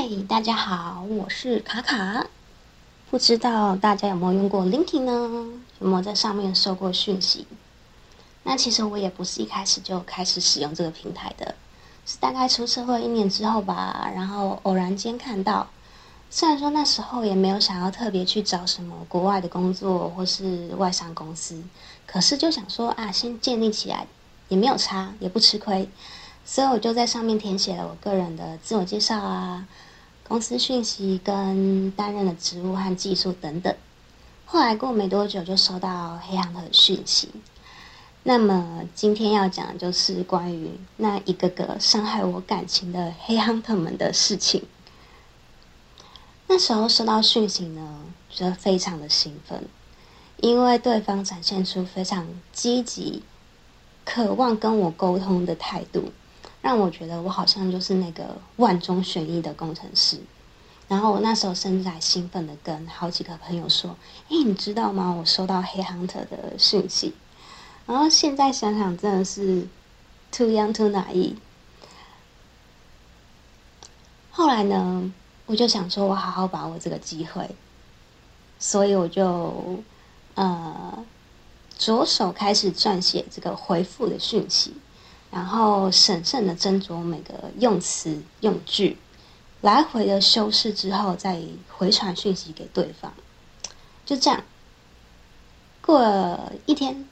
嗨，hey，大家好，我是卡卡。不知道大家有沒有用過 LinkedIn 呢？有沒有在上面收過訊息？那其實我也不是一開始就開始使用這個平台的，是大概出社會一年之後吧，然後偶然間看到。雖然說那時候也沒有想要特別去找什麼國外的工作或是外商公司，可是就想說啊，先建立起來也沒有差，也不吃虧，所以我就在上面填寫了我個人的自我介紹啊。公司訊息跟擔任的職務和技術等等。後來過沒多久就收到 head hunter 的訊息。那麼今天要講的就是關於那一個個傷害我感情的 head hunter 們的事情。那時候收到訊息呢，覺得非常的興奮，因為對方展現出非常積極、渴望跟我溝通的態度。讓我覺得我好像就是那個萬中選一的工程師，然後我那時候甚至還興奮的跟好幾個朋友說：“哎、欸，你知道嗎？我收到 head hunter 的訊息。”然後現在想想真的是 too young too naive。後來呢，我就想說，我好好把握這個機會，所以我就呃着手開始撰寫這個回覆的訊息。然後審慎的斟酌每個用詞用句，來回的修飾之後再回傳訊息給對方，就這樣。過了一天、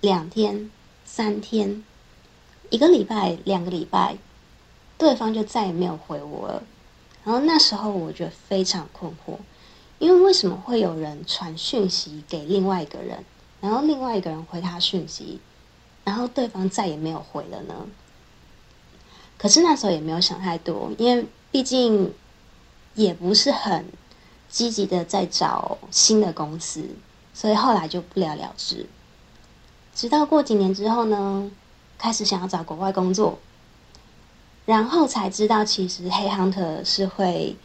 兩天、三天，一個禮拜、兩個禮拜，對方就再也沒有回我了。然後那時候我覺得非常困惑，因為為什麼會有人傳訊息給另外一個人，然後另外一個人回他訊息？然後對方再也沒有回了呢。可是那時候也沒有想太多，因為畢竟也不是很積極的在找新的公司，所以後來就不了了之。直到過幾年之後呢，開始想要找國外工作，然後才知道其實黑 hunter 是會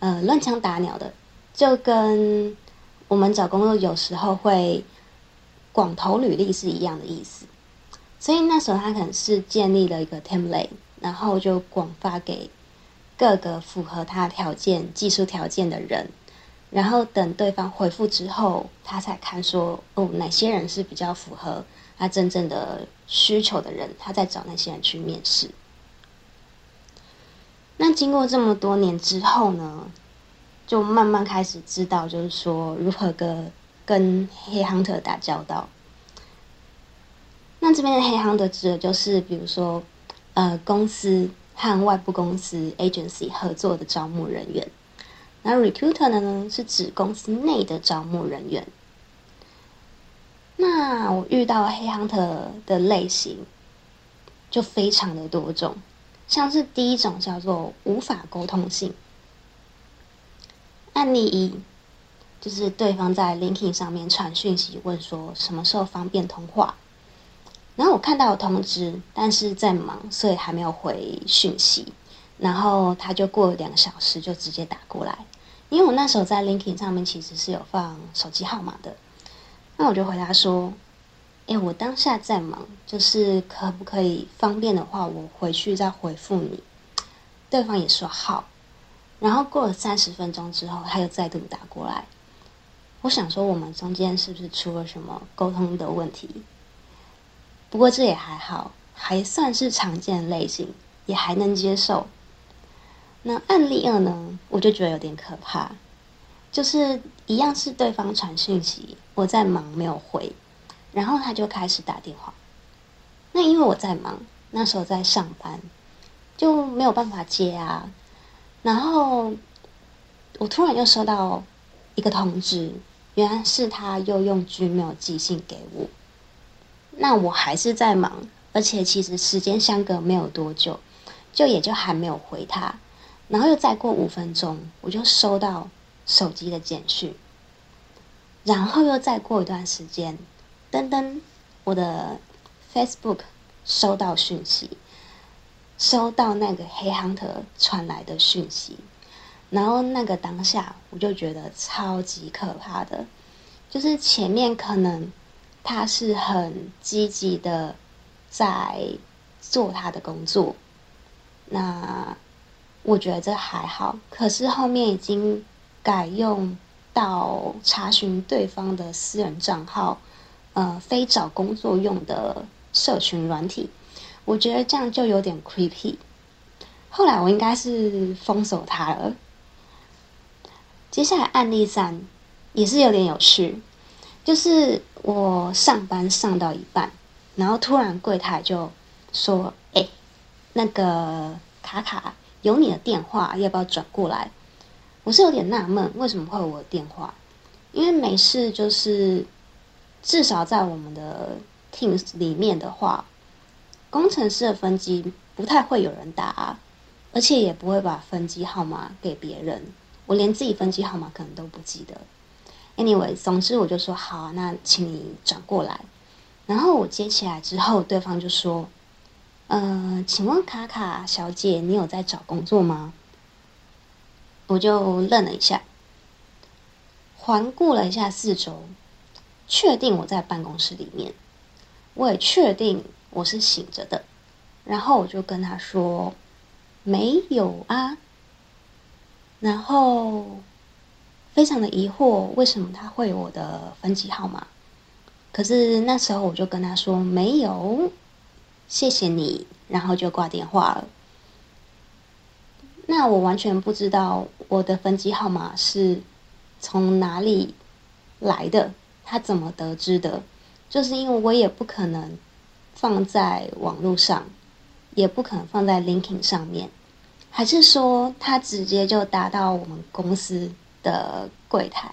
呃亂槍打鳥的，就跟我們找工作有時候會廣投履歷是一樣的意思。所以那時候他可能是建立了一個 template，然後就廣發給各個符合他條件、技術條件的人，然後等對方回覆之後，他才看說哦哪些人是比較符合他真正的需求的人，他再找那些人去面試。那經過這麼多年之後呢，就慢慢開始知道，就是說如何跟跟 head hunter 打交道。那這邊的黑行的指責就是，比如說，呃，公司和外部公司 agency 合作的招募人員，那 recruiter 呢是指公司內的招募人員。那我遇到黑 h n 的類型就非常的多種，像是第一種叫做無法溝通性案例一，就是對方在 linking 上面傳訊息問說什麼時候方便通話。然後我看到通知，但是在忙，所以還沒有回訊息。然後他就過了兩個小時就直接打過來，因為我那時候在 LinkedIn 上面其實是有放手機號碼的，那我就回答說：“哎、欸，我當下在忙，就是可不可以方便的話，我回去再回復你？”對方也說好。然後過了三十分鐘之後，他又再度打過來。我想說，我們中間是不是出了什麼溝通的問題？不過這也還好，還算是常見的類型，也還能接受。那案例二呢，我就覺得有點可怕，就是一樣是對方傳訊息，我在忙沒有回，然後他就開始打電話。那因為我在忙，那時候在上班，就沒有辦法接啊。然後我突然又收到一個通知，原來是他又用 Gmail 寄信給我。那我還是在忙，而且其實時間相隔沒有多久，就也就還沒有回他，然後又再過五分鐘，我就收到手機的簡訊，然後又再過一段時間，噔噔，我的 Facebook 收到訊息，收到那個 head hunter 傳來的訊息，然後那個當下我就覺得超級可怕的，就是前面可能。他是很積極的在做他的工作，那我覺得這還好。可是後面已經改用到查詢對方的私人賬號，呃，非找工作用的社群軟體，我覺得這樣就有點 creepy。後來我應該是封鎖他了。接下來案例三也是有點有趣。就是我上班上到一半，然後突然櫃檯就說：“哎、欸，那個卡卡有你的電話，要不要轉過來？”我是有點納悶，為什麼會有我的電話？因為沒事，就是至少在我們的 Teams 裡面的話，工程師的分機不太會有人打啊，而且也不會把分機號碼給別人。我連自己分機號碼可能都不記得。Anyway，總之我就說好啊，那請你轉過來。然後我接起來之後，對方就說：“嗯、呃，請問卡卡小姐，你有在找工作嗎？”我就愣了一下，環顧了一下四周，確定我在辦公室裡面，我也確定我是醒着的。然後我就跟他說：“沒有啊。”然後。非常的疑惑，為什麼他會有我的分機號碼？可是那時候我就跟他說沒有，謝謝你，然後就掛電話了。那我完全不知道我的分機號碼是從哪裡來的，他怎麼得知的？就是因為我也不可能放在網絡上，也不可能放在 LinkedIn 上面，還是說他直接就打到我們公司？的櫃台，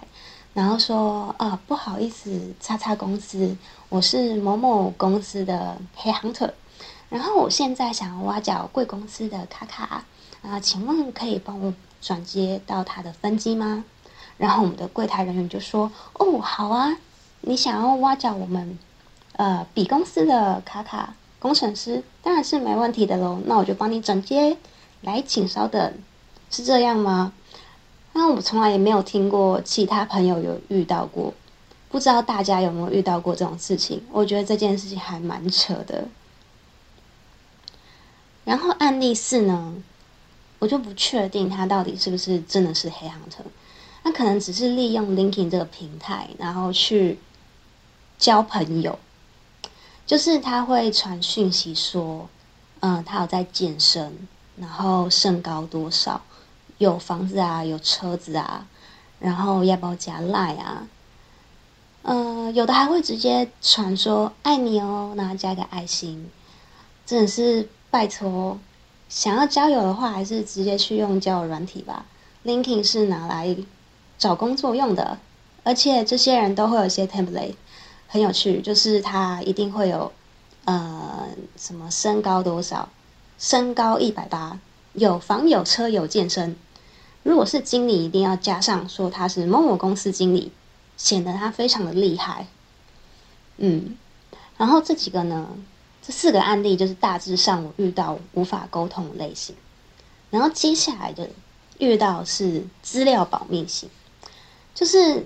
然後說啊，不好意思，叉叉公司，我是某某公司的 head hunter，然後我現在想要挖角貴公司的卡卡啊，請問可以幫我轉接到他的分機嗎？然後我們的櫃台人員就說，哦，好啊，你想要挖角我們呃 B 公司的卡卡工程師，當然是沒問題的嘍，那我就幫你轉接，來，請稍等，是這樣嗎？因為我從來也沒有聽過其他朋友有遇到過，不知道大家有沒有遇到過這種事情？我覺得這件事情還蠻扯的。然後案例四呢，我就不確定他到底是不是真的是 head hunter，那可能只是利用 LinkedIn 這個平台，然後去交朋友，就是他會傳訊息說，嗯，他有在健身，然後身高多少。有房子啊，有車子啊，然後要不要加 line 啊？嗯、呃，有的還會直接傳說愛你哦，然後加一個愛心，真的是拜托，想要交友的話，還是直接去用交友軟體吧。LinkedIn 是拿來找工作用的，而且這些人都會有一些 template，很有趣，就是他一定會有呃什麼身高多少，身高一百八，有房有車有健身。如果是經理，一定要加上說他是某某公司經理，顯得他非常的厲害。嗯，然後這幾個呢，這四個案例就是大致上我遇到無法溝通的類型。然後接下來的遇到的是資料保密性，就是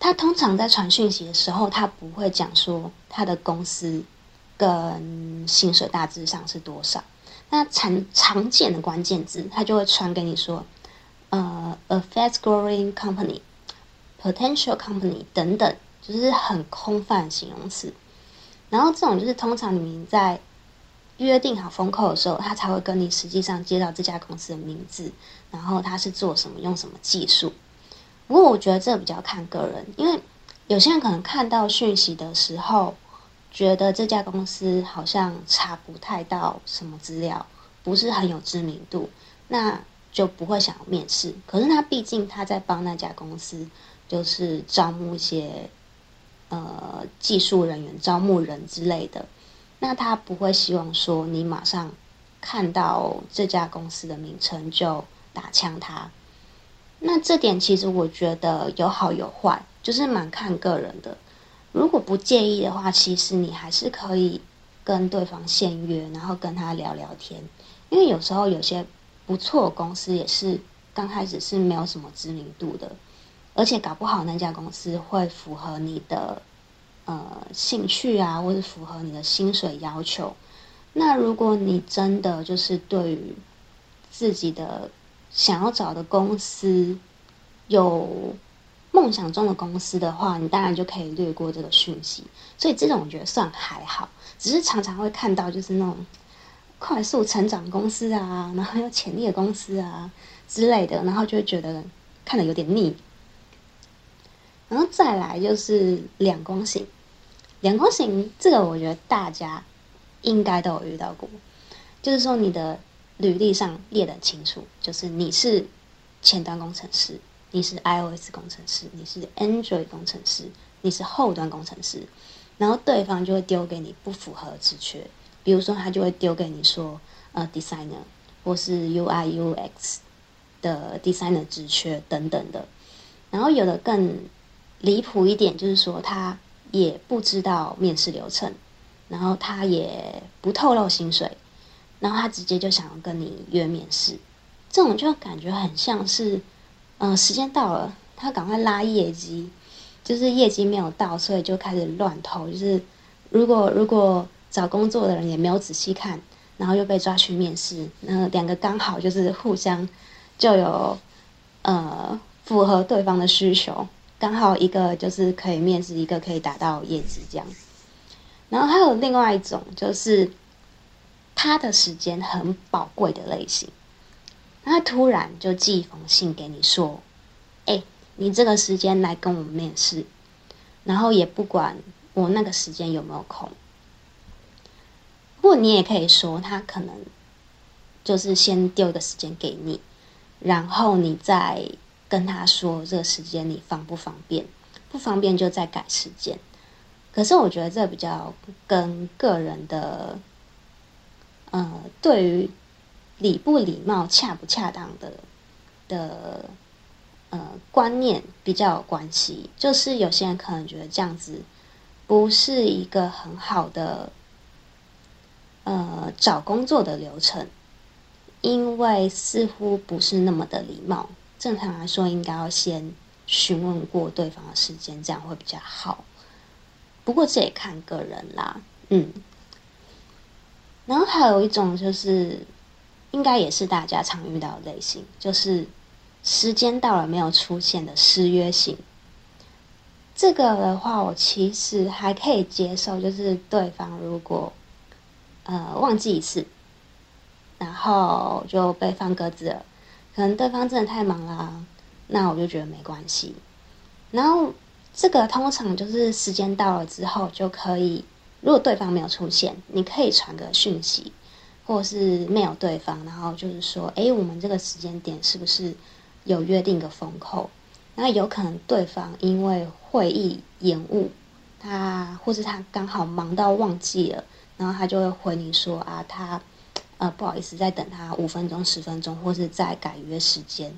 他通常在傳訊息的時候，他不會講說他的公司跟薪水大致上是多少。那常常見的關鍵字，他就會傳給你說。呃、uh，a fast growing company，potential company 等等，就是很空泛形容詞。然後這種就是通常你們在約定好 phone call 的時候，他才會跟你實際上接到這家公司的名字，然後他是做什麼，用什麼技術。不過我覺得這比較看個人，因為有些人可能看到訊息的時候，覺得這家公司好像查不太到什麼資料，不是很有知名度。那就不會想要面試。可是他畢竟他在幫那家公司，就是招募一些，呃，技術人員、招募人之類的。那他不會希望說你馬上看到這家公司的名稱就打槍他。那這點其實我覺得有好有壞，就是蠻看個人的。如果不介意的話，其實你還是可以跟對方先約，然後跟他聊聊天，因為有時候有些。不錯，公司也是剛開始是沒有什麼知名度的，而且搞不好那家公司會符合你的呃興趣啊，或者符合你的薪水要求。那如果你真的就是對於自己的想要找的公司有夢想中的公司的話，你當然就可以略過這個訊息。所以這種我覺得算還好，只是常常會看到就是那種。快速成長公司啊，然後有潛力的公司啊之類的，然後就會覺得看得有點膩。然後再來就是兩光型，兩光型這個我覺得大家應該都有遇到過，就是說你的履歷上列得清楚，就是你是前端工程師，你是 iOS 工程師，你是 Android 工程師，你是後端工程師，然後對方就會丟給你不符合職缺。比如說，他就會丟給你說，呃，designer，或是 UI/UX 的 designer 職缺等等的。然後有的更離譜一點，就是說他也不知道面試流程，然後他也不透露薪水，然後他直接就想要跟你約面試。這種就感覺很像是，嗯、呃，時間到了，他趕快拉業績，就是業績沒有到，所以就開始亂投。就是如果如果。找工作的人也沒有仔細看，然後又被抓去面試。然後兩個剛好就是互相就有呃符合對方的需求，剛好一個就是可以面試，一個可以達到業績這樣。然後還有另外一種，就是他的時間很寶貴的類型，他突然就寄一封信給你說：“哎，你這個時間來跟我面試，然後也不管我那個時間有沒有空。”不過你也可以說，他可能就是先丟一個時間給你，然後你再跟他說這個時間你方不方便，不方便就再改時間。可是我覺得這比較跟個人的，呃，對於禮不禮貌、恰不恰當的的呃觀念比較有關係。就是有些人可能覺得這樣子不是一個很好的。呃、嗯，找工作的流程，因為似乎不是那麼的禮貌。正常來說，應該要先詢問過對方的時間，這樣會比較好。不過這也看個人啦，嗯。然後還有一種就是，應該也是大家常遇到的類型，就是時間到了沒有出現的失約型。這個的話，我其實還可以接受，就是對方如果。呃，忘記一次，然後就被放鴿子了。可能對方真的太忙了，啊，那我就覺得沒關係。然後這個通常就是時間到了之後就可以，如果對方沒有出現，你可以傳個訊息，或者是沒有對方，然後就是說，誒，我們這個時間點是不是有約定個風口？那有可能對方因為會議延誤，他或是他剛好忙到忘記了。然後他就會回你說啊，他、呃，不好意思，再等他五分鐘、十分鐘，或是再改約時間。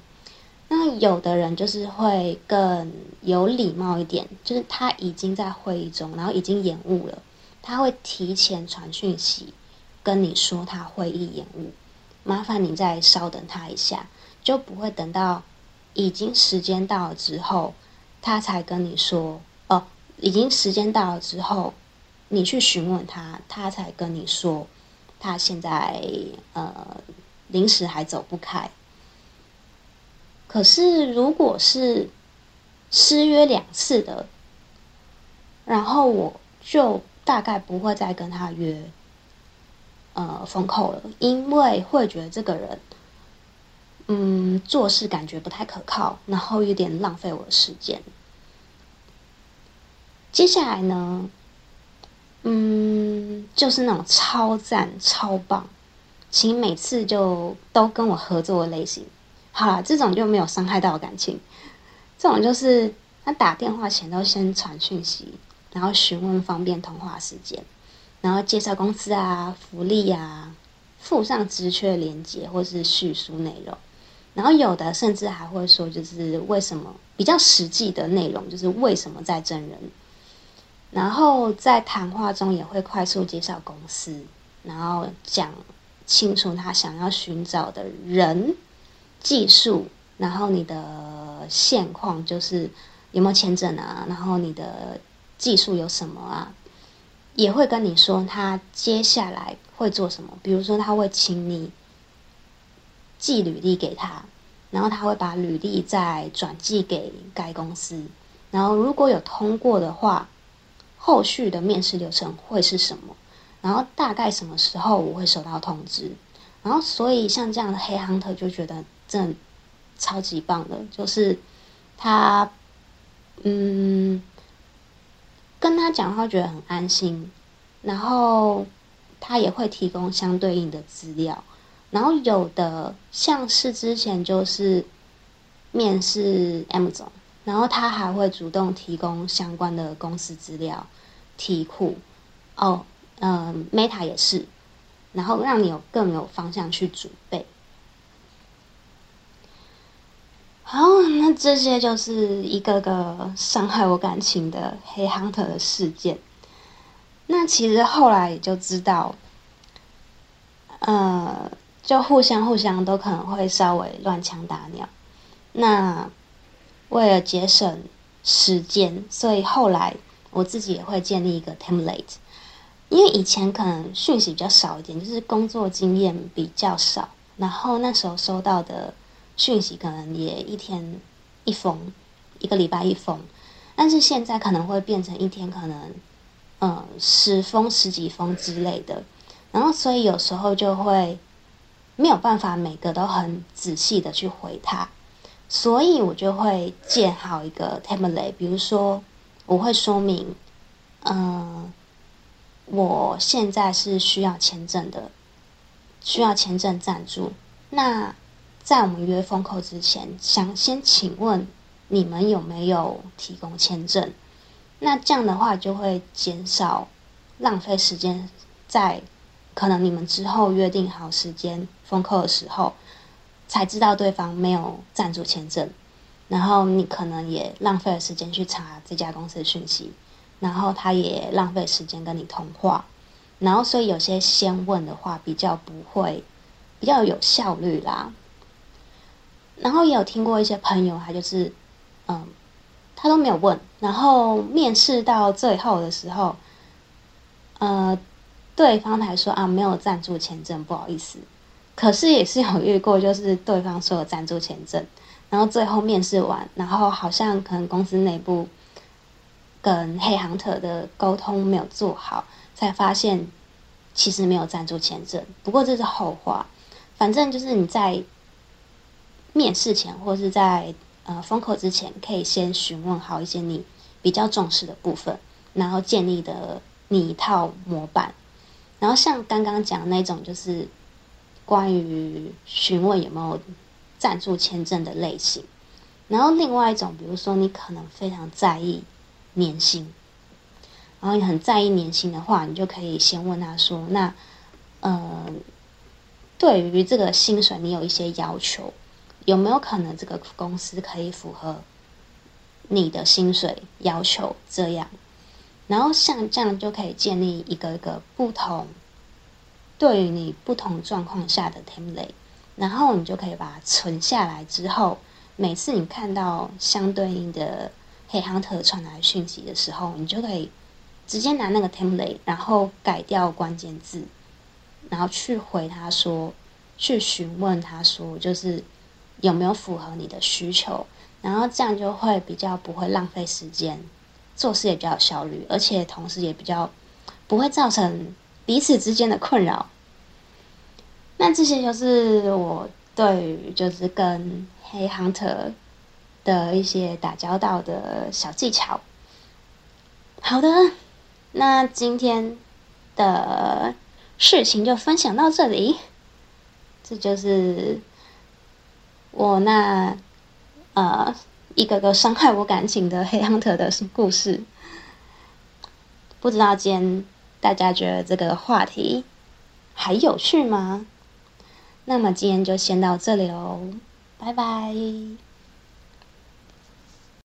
那有的人就是會更有禮貌一點，就是他已經在會議中，然後已經延誤了，他會提前傳訊息跟你說他會議延誤，麻煩你再稍等他一下，就不會等到已經時間到了之後，他才跟你說哦，已經時間到了之後，你去詢問他，他才跟你說，他現在呃臨時還走不開。可是如果是失約兩次的，然後我就大概不會再跟他約呃封口了，因為會覺得這個人嗯做事感覺不太可靠，然後有點浪費我的時間。接下來呢？嗯，就是那種超讚、超棒，其實每次就都跟我合作的類型。好啦，這種就沒有傷害到感情。這種就是，他打電話前都先傳訊息，然後詢問方便通話時間，然後介紹公司啊、福利啊，附上職缺鏈接或是敘述內容，然後有的甚至還會說，就是為什麼比較實際的內容，就是為什麼在徵人。然後在談話中也會快速介紹公司，然後講清楚他想要尋找的人、技術，然後你的現況就是有沒有簽證啊，然後你的技術有什麼啊，也會跟你說他接下來會做什麼，比如說他會請你寄履歷給他，然後他會把履歷再轉寄給該公司，然後如果有通過的話，後續的面試流程會是什麼？然後大概什麼時候我會收到通知？然後，所以像這樣的 head hunter 就覺得這超級棒的，就是他嗯跟他講話覺得很安心，然後他也會提供相對應的資料，然後有的像是之前就是面試 Amazon。然後他還會主動提供相關的公司資料、題庫，哦，嗯，呃，Meta 也是，然後讓你有更有方向去準備。好，那這些就是一個個傷害我感情的 head hunter 的事件。那其實後來也就知道，呃，就互相互相都可能會稍微亂槍打鳥。那。為了節省時間，所以後來我自己也會建立一個 template。因為以前可能訊息比較少一點，就是工作經驗比較少，然後那時候收到的訊息可能也一天一封，一個禮拜一封。但是現在可能會變成一天可能呃、嗯、十封十幾封之類的，然後所以有時候就會沒有辦法每個都很仔細的去回他。所以我就會建好一個 template，比如說我會說明，嗯、呃，我現在是需要簽證的，需要簽證贊助。那在我們約 phone call 之前，想先請問你們有沒有提供簽證？那這樣的話就會減少浪費時間，在可能你們之後約定好時間 phone call 的時候。才知道對方沒有贊助簽證，然後你可能也浪費了時間去查這家公司的訊息，然後他也浪費時間跟你通話，然後所以有些先問的話比較不會，比較有效率啦。然後也有聽過一些朋友，他就是，嗯，他都沒有問，然後面試到最後的時候，呃，對方才說啊，沒有贊助簽證，不好意思。可是也是有遇過，就是對方說有贊助簽證，然後最後面試完，然後好像可能公司內部跟 head hunter 的溝通沒有做好，才發現其實沒有贊助簽證。不過這是後話，反正就是你在面試前或是在呃封口之前，可以先詢問好一些你比較重視的部分，然後建立的你一套模板。然後像剛剛講的那種，就是。關於詢問有沒有贊助簽證的類型，然後另外一種，比如說你可能非常在意年薪，然後你很在意年薪的話，你就可以先問他說：“那，呃，對於這個薪水，你有一些要求，有沒有可能這個公司可以符合你的薪水要求？”這樣，然後像這樣就可以建立一個一個不同。對於你不同狀況下的 template，然後你就可以把它存下來。之後每次你看到相對應的 head hunter 傳來訊息的時候，你就可以直接拿那個 template，然後改掉關鍵字，然後去回他說，去詢問他說，就是有沒有符合你的需求。然後這樣就會比較不會浪費時間，做事也比較有效率，而且同時也比較不會造成。彼此之間的困擾。那這些就是我對於就是跟黑 hunter 的一些打交道的小技巧。好的，那今天的事情就分享到這裡。這就是我那呃一個個傷害我感情的黑 hunter 的故事。不知道今天。大家覺得這個話題還有趣嗎？那麼今天就先到這裡嘍，拜拜。